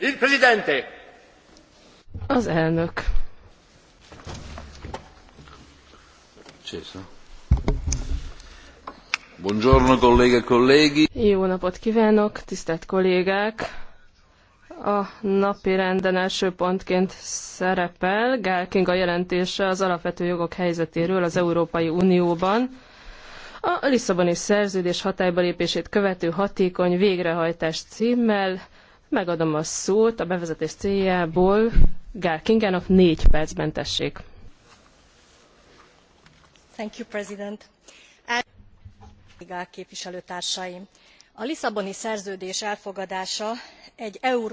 Il Presidente! Az elnök. César. Buongiorno, kollége, kollégi. E Jó napot kívánok, tisztelt kollégák! A napi renden első pontként szerepel Gál Kinga jelentése az alapvető jogok helyzetéről az Európai Unióban a Lisszaboni szerződés hatályba lépését követő hatékony végrehajtás címmel megadom a szót a bevezetés céljából Gál Kingának négy percben tessék. Thank you, President. Gál képviselőtársaim! A Lisszaboni szerződés elfogadása egy euró